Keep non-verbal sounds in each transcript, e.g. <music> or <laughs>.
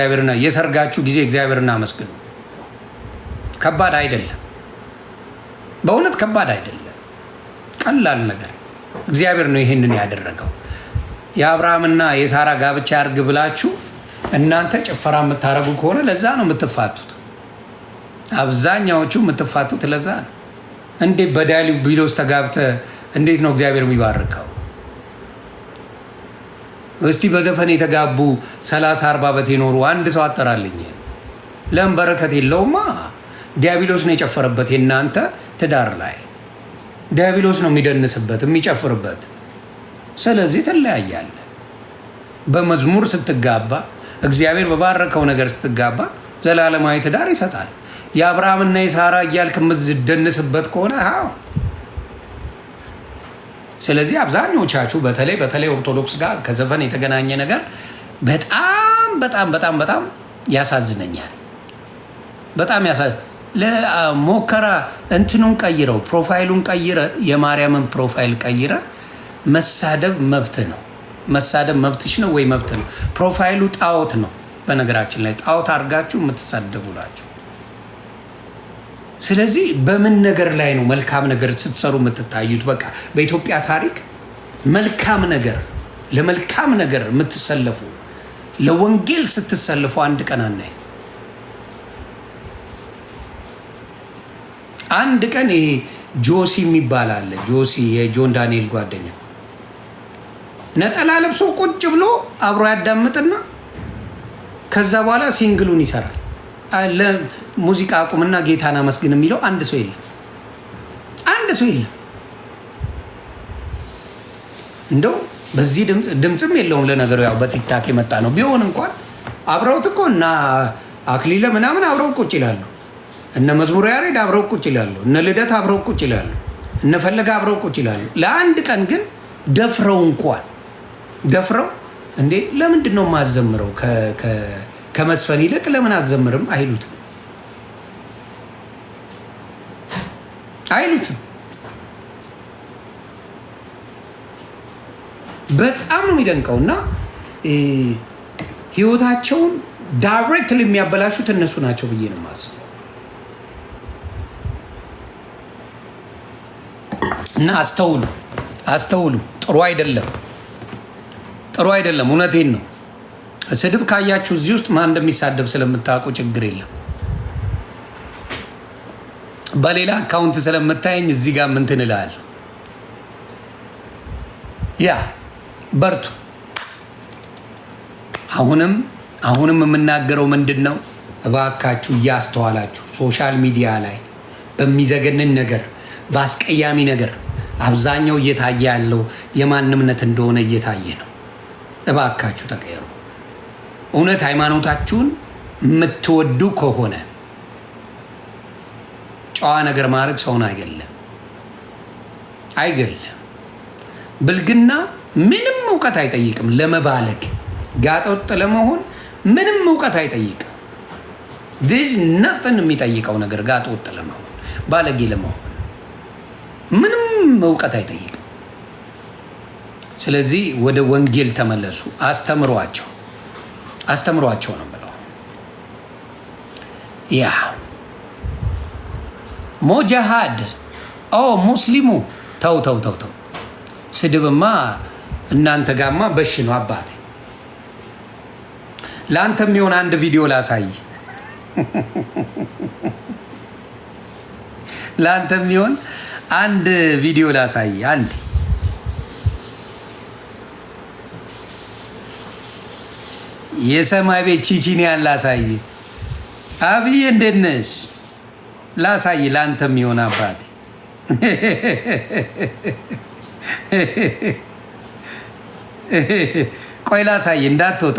እግዚአብሔርና የሰርጋችሁ ጊዜ እግዚአብሔርና አመስግኑ። ከባድ አይደለም፣ በእውነት ከባድ አይደለም፣ ቀላል ነገር። እግዚአብሔር ነው ይህንን ያደረገው። የአብርሃምና የሳራ ጋብቻ ያርግ ብላችሁ እናንተ ጭፈራ የምታደርጉ ከሆነ ለዛ ነው የምትፋቱት። አብዛኛዎቹ የምትፋቱት ለዛ ነው። እንዴት በዳሊ ቢሎስ ተጋብተ እንዴት ነው እግዚአብሔር የሚባርከው? እስቲ በዘፈን የተጋቡ 30 40 ዓመት የኖሩ አንድ ሰው አጠራልኝ። ለም በረከት የለውማ? ዲያብሎስ ነው የጨፈረበት የእናንተ ትዳር ላይ ዲያብሎስ ነው የሚደንስበት የሚጨፍርበት። ስለዚህ ትለያያለ። በመዝሙር ስትጋባ እግዚአብሔር በባረከው ነገር ስትጋባ ዘላለማዊ ትዳር ይሰጣል። የአብርሃምና የሳራ እያልክ የምትደንስበት ከሆነ ስለዚህ አብዛኞቻችሁ በተለይ በተለይ ኦርቶዶክስ ጋር ከዘፈን የተገናኘ ነገር በጣም በጣም በጣም በጣም ያሳዝነኛል። በጣም ያሳ ለሞከራ እንትኑን ቀይረው ፕሮፋይሉን ቀይረ የማርያምን ፕሮፋይል ቀይረ መሳደብ መብት ነው። መሳደብ መብትሽ ነው ወይ መብት ነው። ፕሮፋይሉ ጣዖት ነው። በነገራችን ላይ ጣዖት አድርጋችሁ የምትሳደቡ ናችሁ። ስለዚህ በምን ነገር ላይ ነው መልካም ነገር ስትሰሩ የምትታዩት? በቃ በኢትዮጵያ ታሪክ መልካም ነገር ለመልካም ነገር የምትሰለፉ ለወንጌል ስትሰልፉ አንድ ቀን አናይ። አንድ ቀን ይሄ ጆሲ የሚባል አለ። ጆሲ የጆን ዳንኤል ጓደኛ ነጠላ ለብሶ ቁጭ ብሎ አብሮ ያዳምጥና ከዛ በኋላ ሲንግሉን ይሰራል። ሙዚቃ አቁምና ጌታን አመስግን የሚለው አንድ ሰው የለም። አንድ ሰው የለም። እንደው በዚህ ድምፅም የለውም። ለነገሩ ያው በቲክታክ የመጣ ነው። ቢሆን እንኳን አብረውት እኮ እና አክሊለ ምናምን አብረው ቁጭ ይላሉ። እነ መዝሙር ያሬድ አብረው ቁጭ ይላሉ። እነ ልደት አብረው ቁጭ ይላሉ። እነ ፈለገ አብረው ቁጭ ይላሉ። ለአንድ ቀን ግን ደፍረው እንኳን ደፍረው እንዴ ለምንድን ነው የማዘምረው ከመዝፈን ይልቅ ለምን አዘምርም አይሉትም። አይሉትም። በጣም ነው የሚደንቀው። እና ህይወታቸውን ዳይሬክት የሚያበላሹት እነሱ ናቸው ብዬ ነው የማስበው። እና አስተውሉ፣ አስተውሉ። ጥሩ አይደለም፣ ጥሩ አይደለም። እውነቴን ነው። ስድብ ካያችሁ እዚህ ውስጥ ማን እንደሚሳደብ ስለምታውቁ ችግር የለም። በሌላ አካውንት ስለምታየኝ እዚህ ጋር ምንትን ያ በርቱ። አሁንም አሁንም የምናገረው ምንድን ነው? እባካችሁ እያስተዋላችሁ ሶሻል ሚዲያ ላይ በሚዘገንን ነገር፣ በአስቀያሚ ነገር አብዛኛው እየታየ ያለው የማንምነት እንደሆነ እየታየ ነው። እባካችሁ ተቀየሩ። እውነት ሃይማኖታችሁን የምትወዱ ከሆነ ጨዋ ነገር ማድረግ ሰውን አይገለም አይገለም። ብልግና ምንም እውቀት አይጠይቅም። ለመባለግ ጋጠወጥ ለመሆን ምንም እውቀት አይጠይቅም። ዝ ነጥን የሚጠይቀው ነገር ጋጠወጥ ለመሆን ባለጌ ለመሆን ምንም እውቀት አይጠይቅም። ስለዚህ ወደ ወንጌል ተመለሱ፣ አስተምሯቸው አስተምሯቸው ነው ብለው ያ ሞጃሃድ ኦ ሙስሊሙ ተው ተው ተው ተው። ስድብማ እናንተ ጋማ በሽ ነው አባቴ። ለአንተ የሚሆን አንድ ቪዲዮ ላሳይ፣ <laughs> ለአንተ የሚሆን አንድ ቪዲዮ ላሳይ። አንድ የሰማይ ቤት ቺቺኒያን ላሳይ። አብዬ እንደት ነሽ? ላሳይ ለአንተ የሚሆን አባቴ ቆይ ላሳይ እንዳትወጣ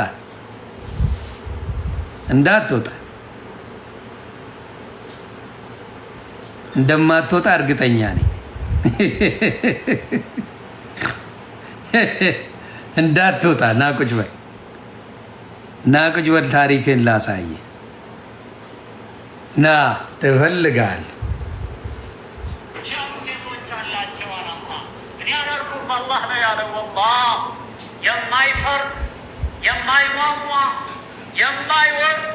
እንዳትወጣ እንደማትወጣ እርግጠኛ ነኝ። እንዳትወጣ ናቁጭ በል ናቁጭ በል ታሪክን ላሳየ ና ትፈልጋል የማይፈርድ የማይሟሟ የማይወርድ